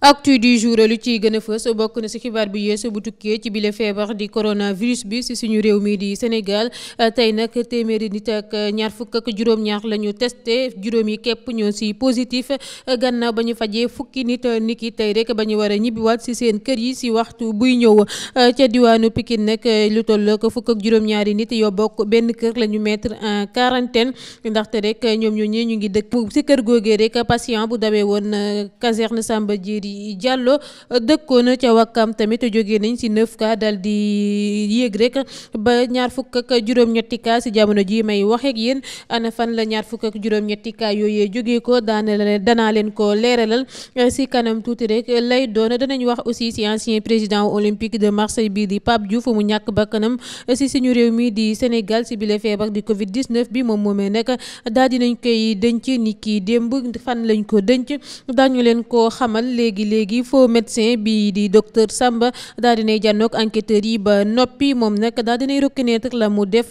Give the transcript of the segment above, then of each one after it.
actu du joure lu ciy gën fës bokk na si xibaar bi yees bu tukkee ci bile feebar di coronavirus bi si suñu réew mii di Sénégal tey nag téeméeri nit ak ñaar fukk ak juróom-ñaar la ñu testé juróom yi képp ñoo si positif gannaaw ba ñu fajee fukki nit niki tey rek ba ñu war a ñibbiwaat si seen kër yi si waxtu buy ñëw ca diwaanu Pikine nag lu toll ko fukk ak juróom-ñaari nit yoo bokk benn kër la ñu mettre en quarantaine ndaxte rek ñoom ñoo ñee ñu ngi dëkk si kër googee rek bu dawee woon euh, caserne Samba Diéry di Diallo euh, dëkkoon ca Wakam tamit jóge nañ si 9 dal di yéeg rek ba ñaar fukk juróom-ñetti cas si jamono ji may wax ak yéen ana fan la ñaar fukk ak juróom-ñetti cas yooyee jóge ko daana danaa leen ko leeralal si euh, kanam tuuti rek lay doon danañ wax aussi si ancien président olympique de Marseille bii di Pape Diouf mu ñàkk bakkanam si suñu réew mi di Sénégal si bile feebar di Covid 19 bi moom moomee nag daal dinañ koy dënc ni kii démb fan lañ ko léegi faux médecin bii di docteur Samba daa dinay jànnoog enquêteurs yi ba noppi moom nag daa dinay reconnaître la mu def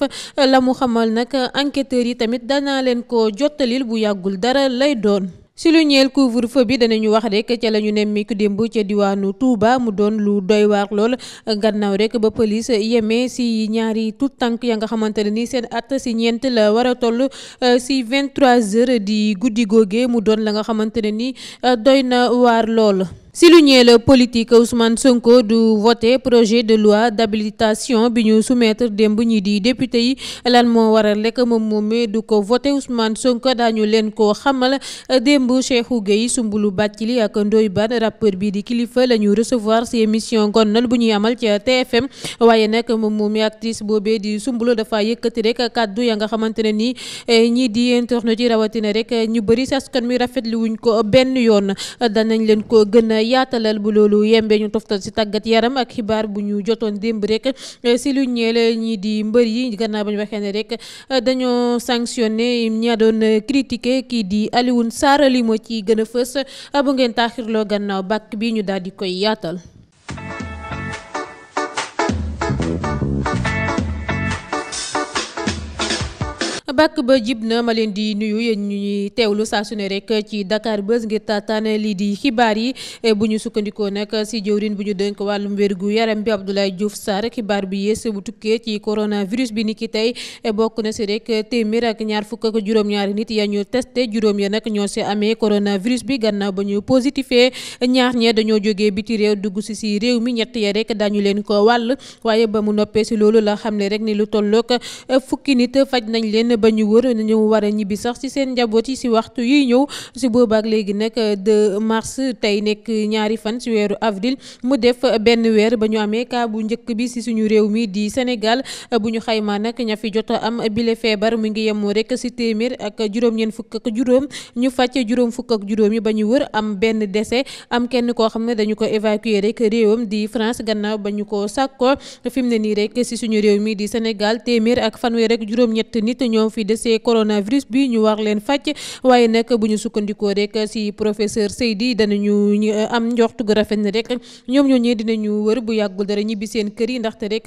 la mu xamal nag enquêteurs yi tamit danaa leen ko jottalil bu yàggul dara lay doon si lu ñeel couvre-feu bi danañu wax rek ca la ñu nemmiku démb ca diwaanu Touba mu doon lu doy waar lool gannaaw rekk ba police yemee si ñaari tout tànk ya nga xamante ne ni seen at si ñeent la war a toll euh, si 23 heures di guddi googe mu doon la nga xamante ne ni euh, doy na waar lool. si lu la politique Ousmane Sonko du voter projet de loi d'habilitation bi ñu soumettre démb ñi di député yi lan moo waral rek moom moomee du ko voter Ousmane Sonko daañu leen ko xamal démb Cheikhou Gueye Soumboulou li ak Ndoye Bane rappeur bi di kilifa la ñu recevoir si émission gonnal bu ñuy amal ci TFM waaye nag moom moomee actrice boobee di Soumboulou dafa yëkkati rek kàddu ya nga xamante ne nii eh, ñii di internet ci rawatina rek ñu bëri askan mi rafetlu wuñ ko benn yoon yaatalal bu loolu yembe ñu toftal si tàggat yaram ak xibaar bu ñu jotoon démb rek eh, si lu ñeel ñii di mbër yi gannaaw ba ñu waxee ne rek eh, dañoo sanctionné ña doon critiquer kii di Alioune Sarr li moo ci gën a fës eh, bu ngeen taaxirloo gannaaw bàkk bi ñu daal di koy yaatal. bàkk ba jib na ma leen di nuyu yéen ñuy teewlu saa su ne rek ci Dakar Buzz ngir taataan lii di xibaar yi eh, bu ñu sukkandikoo nag si jëwrin bu ñu dénk wàllum wérgu yaram bi Abdoulaye Diouf Sarr xibaar bi yées bu tukkee ci bi ni ki tey eh, bokk na si rek téeméer ak ñaar fukk ak juróom-ñaari ya ñu testé ya nag ñoo si amee coronavirus bi gannaaw ba ñu positifee ñaar ñee dañoo jógee biti réew dugg si si réew mi ñett ya rek leen ko wàll waaye ba mu noppee si loolu la xam ne rek ni lu tollook eh, fukki nit faj nañ leen ba ñu wër nañu war ñibbi sax ci seen njaboot yi ci waxtu yuy ñëw ci boobaak léegi nag 2 mars tey nekk ñaari fan ci weeru avril mu def benn weer ba ñu amee cas bu njëkk bi ci suñu réew mi di Sénégal bu ñu xaymaa nag ña fi jot am bile feebar mu ngi yemoo rek ci téeméer ak juróom-ñeent juróom ñu fàcce juróom fukk ak juróom yi ba ñu wër am benn décès am kenn koo xam ne dañu ko évacuer rek di France gannaaw ba ko sàkkoo fi mu ne nii rek ci suñu réew mi di Sénégal téeméer ak fanweer ak juróom-ñett nit ñoom fi desee coronavirus bi ñu war leen faj waaye nag bu ñu sukkandikoo rek si professeur Seydi danañu euh, am njortu gu rafet na rek ñoom ñoo ñee dinañu wër bu yàggul dara ñibbi seen kër yi ndaxte rek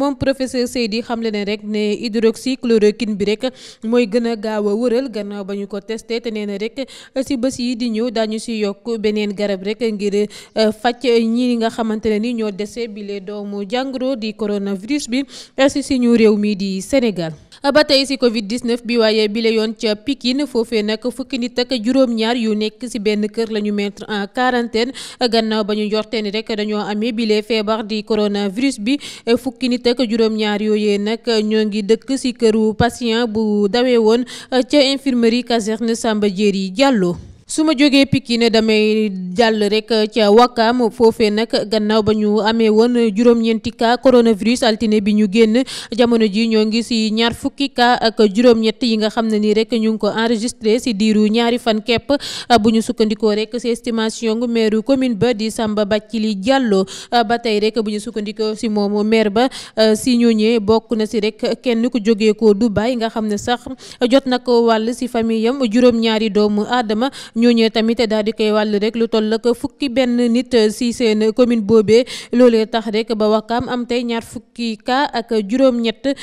moom professeur Seydi xamle ne rek ne hydroxychloroquine bi rek mooy gën a gaaw a wëral gannaaw ba ñu ko testé te nee na rek si bés yi di ñëw daañu si yokk beneen garab rek ngir euh, faj ñi nga xamante ne ni ñoo dese bile doomu jàngoro di coronavirus bi si suñu réew mi di Sénégal ba tey si Covid 19 bi waaye bi la yoon ca Pikine foofee nag fukki nit ak juróom-ñaar yu nekk si benn kër la ñu mettre en quarantaine gannaaw ba ñu njortee ni rek dañoo amee bile feebar di coronavirus bi fukki nit ak juróom-ñaar yooyee nag ñoo ngi dëkk si këru patient bu dawee woon ca infirmerie caserne Samba yi jàlloo su ma jógee Pikine damay jàll rek ca Wakam foofee nag gannaaw ba ñu amee woon juróom-ñeenti cas coronavirus altine bi ñu génn jamono ji ñoo ngi si ñaar fukki cas ak juróom-ñett yi nga xam ne nii rek ñu ngi ko enregistré si diiru ñaari fan kepp bu ñu sukkandikoo rek si estimation gu maire commune ba di Samba li jàlloo ba tey rek bu ñu sukkandikoo si moom maire ba si ñooñee bokk na si rek kenn ku jógee ko bàyyi nga xam ne sax jot na ko wàll si famille yam juróom-ñaari doomu aadama. ñooñee tamit daal di koy wàll rek lu toll ak fukki benn nit si seen commune boobee loolee tax rek ba Wakaam am tey ñaar fukki cas ak juróom-ñett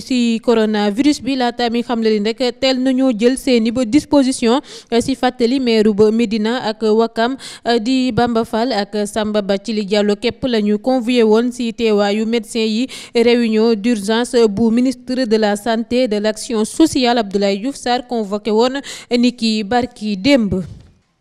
si coronavirus bi laata mi xam leen rek teel nañoo jël seen i ba disposition si fàttali meeru ba Medina ak Wakaam di Bamba Fall ak Samba Bathily Diallo képp la ñu convié woon si teewaayu médecin yi réunion d'urgence bu ministre de la santé de l'action sociale Abdoulaye Diouf Sarr convoqué woon ni ki ëmb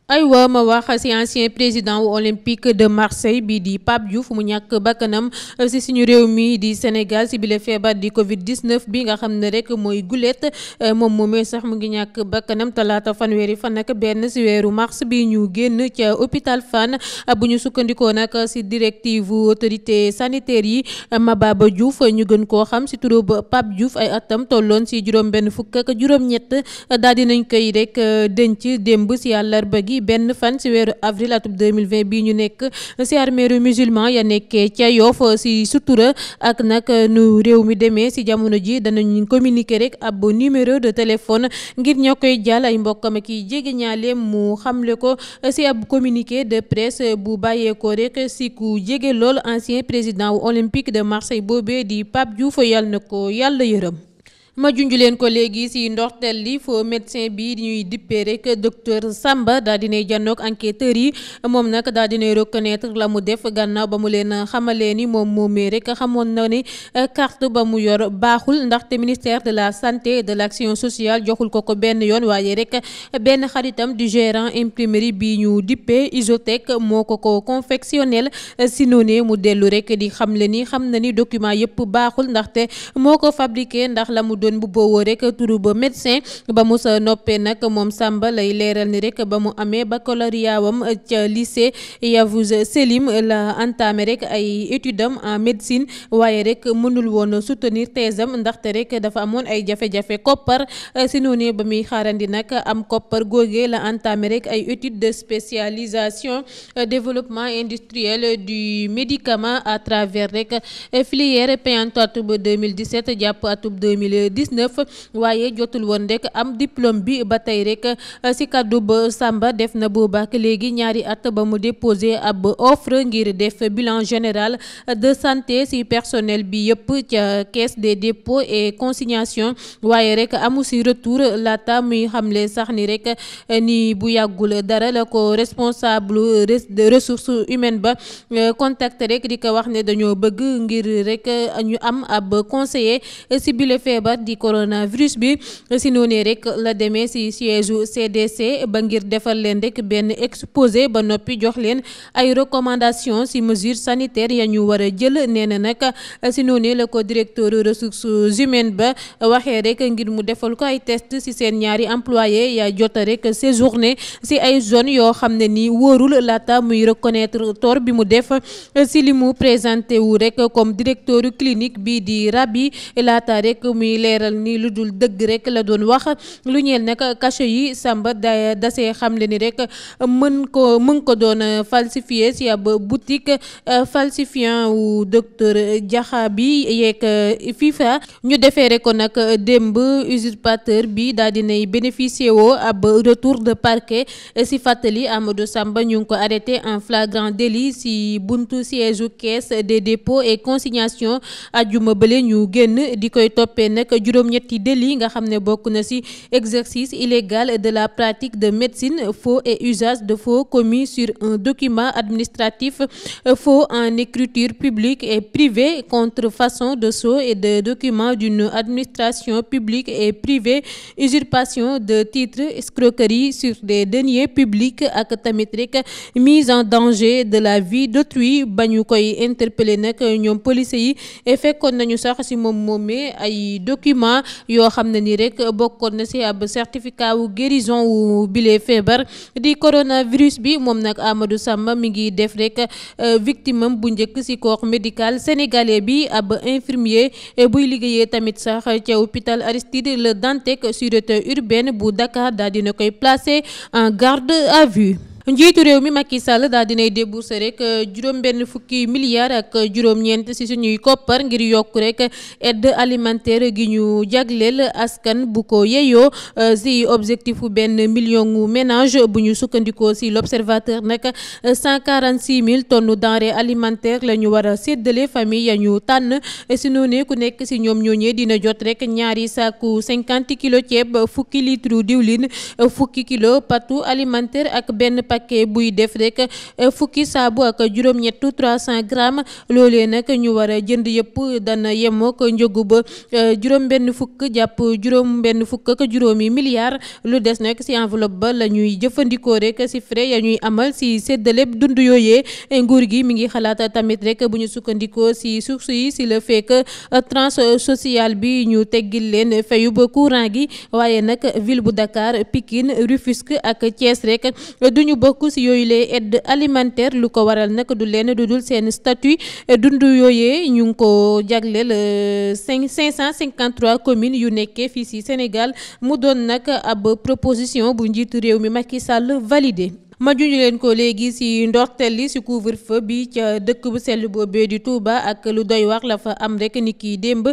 aywa ma wax ci ancien président wu olympique de marseille bi di Pape Diouf mu ñàkk bakkanam euh, ci suñu réew mii di sénégal ci bile feebar di covid 19 bi nga xam ne rek mooy gulet euh, moom moomee sax mu ngi ñàkk bakkanam talaata fanweeri fan ak benn ci weeru mars bi ñu génn ca hôpital Fann euh, bu ñu sukkandikoo nag ci directive autorité sanitaire yi ma Mababa Diouf ñu gën koo xam ci turu Pape Diouf ay atam tolloon ci juróom benn fukk ak juróom ñett daal dinañ koy rek denc démb ci àllarba gi benn fan si weeru avril mille 2020 bii ñu nekk si armeeru musulman ya nekkee ca Yoff si sutura ak nag nu réew mi demee si jamono ji danañu communiquer rek ab numéro de téléphone ngir ñoo koy jàll ay mbokkam ak i jege ñaale mu xamle ko si ab communiqué de presse bu bàyyeekoo rek si ku jege lool ancien président wu olympique de Marseille boobee di Pape Diouf yàlla na ko yàlla yërëm ma junj leen ko léegi si ndorteel li foo médecin bi ñuy dippee rek docteur Samba daa dinay janook enquêteurs yi moom nag daa dinay reconnaître la mu def gànnaaw ba mu leen xamalee ni moom moomee rek xamoon na ni eh, carte ba mu yor baaxul ndaxte ministère de la santé et de l'action sociale joxul ko ko benn yoon waaye rek benn xaritam du gérant imprimerie bi ñu dippee Isotec moo ko ko confectionnel si noonee mu dellu rek di xam xamle ni xam na ni document yëpp baaxul ndax doon bu boowoo rek turu ba médecin ba mu sa noppee nag moom Samba lay leeral ni rek ba mu amee baccalauréat wam ca lycée Yavuz Selim la entamé rek ay études am en médecine waaye rek mënul woon soutenir thèse am ndaxte rek dafa amoon ay jafe-jafe koppar euh, si noonu ba muy xarandi nag am koppar googee la entamé rek ay études de spécialisation euh, développement industriel du médicament à travers rek euh, filière pay atub jàpp atub 19 waaye jotul woon rek am diplôme bi ba tey rek eh, si kaddu ba Samba def na boobaak léegi ñaari at ba mu déposé ab offre ngir def bilan général de santé si personnel bi yëpp ca caisse des dépôts et consignation waaye rek amu si retour laata muy xamle sax ni rek eh, ni bu yàggul dara la ko responsable ressource humaine ba eh, contact rek di ko wax ne dañoo bëgg ngir rek ñu am ab conseiller si bile feebar di coronavirus bi si noonee rek la demee si siège CDC ba ngir defal leen rek benn exposé ba noppi jox leen ay recommandation si mesures sanitaires ya ñu war jël nee na nag si noonee la ko directeur ressources humaines ba waxee rek ngir mu defal ko ay test si seen ñaari employé yaa jota rek séjourné si ay zones yoo xam ne nii wóorul laata muy reconnaître tort bi mu def si li mu présenté rek comme directeur clinique bi di Rabi laata rek muy leeral ni lu dul dëgg rek la doon wax lu ñeel nag cachet yi Samba da dasee xamle ni rek mën ko mën ko doon falsifié si ab boutique euh, falsifiant wu docteur Diakha bi yeeg euh, FIFA ñu defeere ko nag démb usurpateur bi daal dinay bénéficié woo ab retour de parquet si fàttali Amadou Samba ñu ko arrêté en flagrant délit si buntu siège caisse des dépôts et consignation ajuma bële ñu génn di koy toppee nag juróom-ñetti délit nga xam ne bokk na ci exercice illégal de la pratique de médecine faux et usage de faux commis sur un document administratif faux en écriture publique et contre contrefaçon de sceaux et de documents d'une administration publique et privée usurpation de titres escroquerie sur des deniers publics ak tamit rek mise en danger de la vie d'autrui ba ñu koy interpeller nag ñoom policiers yi fekkoon nañu sax ci moom moomee ay documents yoo xam ne ni rek bokkoon na si ab certificat wu guérison wu bile feebar di coronavirus bi moom nag Amadou sàmm mi ngi def rek euh, victime am bu njëkk si corps médical sénégalais bi ab infirmier euh, buy liggéeyee tamit sax ca hôpital Aristide Le Dantec sûreté urbaine bu Dakar daal dina koy placer en garde à vue njiitu réew mi Macky Sall daal dinay débourser rek euh, juróom benn fukki milliards ak juróom-ñeent ci suñuy koppar ngir yokk rek aide alimentaire gi ñu jagleel askan bu ko yeyoo euh, ci objectifu benn million ménage bu ñu sukkandikoo ci l'observateur nag euh, cent quarante six mille tonnes denrées alimentaires la ñu war a séddale famille ya ñu tànn ci noonu ku nekk ci ñoom ñooñee dina jot rek ñaari saaku cinquante kilo ceeb fukki litre diwlin fukki kilo pâtes alimentaires ak benn paquet buy def rek eh, fukki saabu ak juróom-ñett 300 grammes loolee ñu war jënd yëpp dana yemook njëgu ba eh, juróom-benn fukk jàpp juróom-benn fukk ak juróomi milliards lu des nag ci enveloppe ba la ñuy jëfandikoo rek ci frais ya ñuy amal ci séddale dund yooyee eh, nguur gi mi ngi xalaat tamit rek bu ñu sukkandikoo ci suuf yi ci le fait que tranche sociale bi ñu teggil leen ba courant gi waaye nag ville bu Dakar Pikine Rufisque ak Thiès rek bokk si yooyu lay aide alimentaire lu ko waral naka du leen du dul seen statut dund yooyee ñu ngi ko jagleel euh, cinq cent cinquante trois communes yu nekkee fii si Sénégal mu doon nag ab proposition bu njiitu réew mi Macky Sall validé ma juñu leen ko léegi si ndorteel li si couvre-feu bi ca dëkk bu sell boobee di Touba ak lu doy wax la fa am rek ni kii démb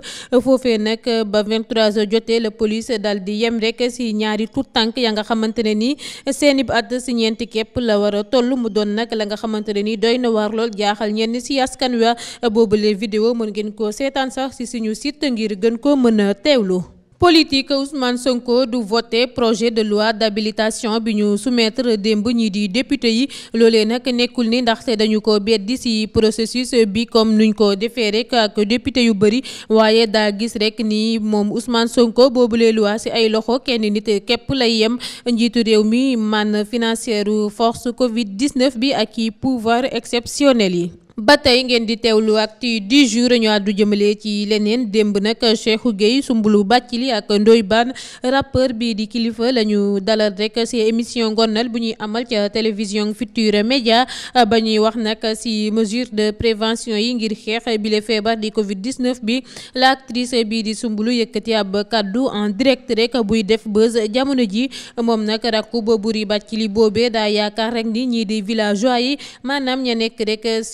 foofe nag ba 23h jotee la police dal di yem rek si ñaari tout tànk ya nga xamante ne ni seeni at si ñeenti képp la war a toll mu doon nag la nga xamante ne ni doy na waar lool jaaxal ñenn si askan wa boobule vidéo mën ngeen ko seetaan sax si suñu site ngir gën ko mën a teewlu. politique Ousmane Sonko du voter projet de loi d'habilitation bi ñu soumettre démb ñi di député yi loolee nag nekkul ni ndaxte dañu ko beddi ci processus bi comme nuñ ko defee rek ak député yu bëri waaye daa gis rek ni moom Ousmane Sonko boobulee loi ci ay loxo kenn nit képp lay yem njiitu réew mi man financière force Covid 19 bi ak i pouvoir exceptionnel yi. ba tey ngeen di teewlu actu du jour ñu àddu jëmale ci leneen démb nag Cheikhou Gueye Soumboulou Bathily ak Ndoye Bane rappeur bii di kilifa la ñu dalal rek si émission ngonal bu ñuy amal ca télévision Futurs média ba ñuy wax nag si mesure de prévention yi ngir xeex bile feebar di Covid 19 bi la actrice bii di Soumboulou yëkkati ab kaddu en direct rek buy def buzz jamono ji moom nag rakku ba buri Bathily boobee daa yaakaar rek ni ñii di villageois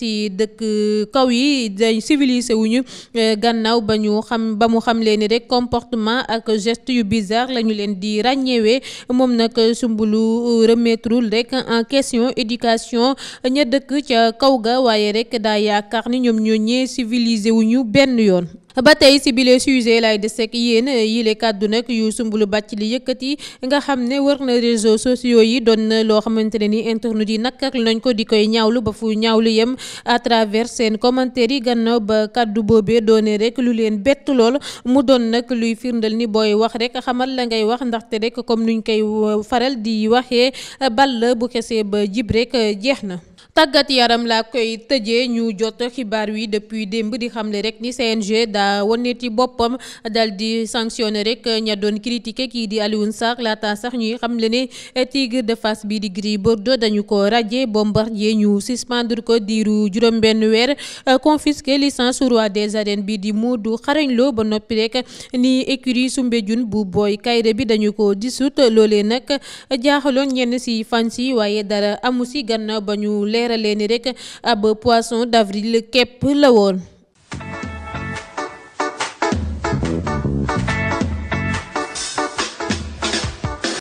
yi dëkk kaw yi dañ civilisé wuñu e, gannaaw ba ñu xam ba mu xam leen ni rek comportement ak geste yu bizarre la ñu leen di ràññeewee moom nag sumbulu e, remettrewul rek en question éducation ña dëkk ca kaw ga waaye rek daa yaakaar ni ñoom ñoo ñee civilisé wuñu benn yoon ba tey si bile sujet lay des ak yéen yile kàddu nag yu sumbulu bàcc li yëkkati nga xam ne wër na réseaux sociaux yi doon na loo xamante ne ni internet yi nakkal nañ ko di koy ñawlu ba fu ñaawlu yem à travers seen commentaire yi gannaaw ba kàddu boobee doone rek lu leen bett lool mu doon nag luy firndal ni booy wax rek xamal la ngay wax ndaxte rek comme nuñ koy faral di waxee ball bu xesee ba jib rek jeex na. tàggat yaram laa koy tëje ñu jot xibaar wi depuis démb di xamle rek ni CNG daa woneti boppam dal di sanctionné rek ña doon critiqué kii di Alioune Sarr laata sax ñuy xamle ne Tigre de Fass bii di Gris Bordeaux dañu ko radié Bombardier ñu suspendre ko diiru juróom-benn weer confisqué licence roi des arènes bi di Modou Xarañ loo ba noppi rek ni écurie Soumbédioune bu Boy Kayre bi dañu ko dissout loolee nag jaaxaloon ñenn si fans waaye dara amu si gannaaw leeralee ni rek ab poisson d'avril képp la woon.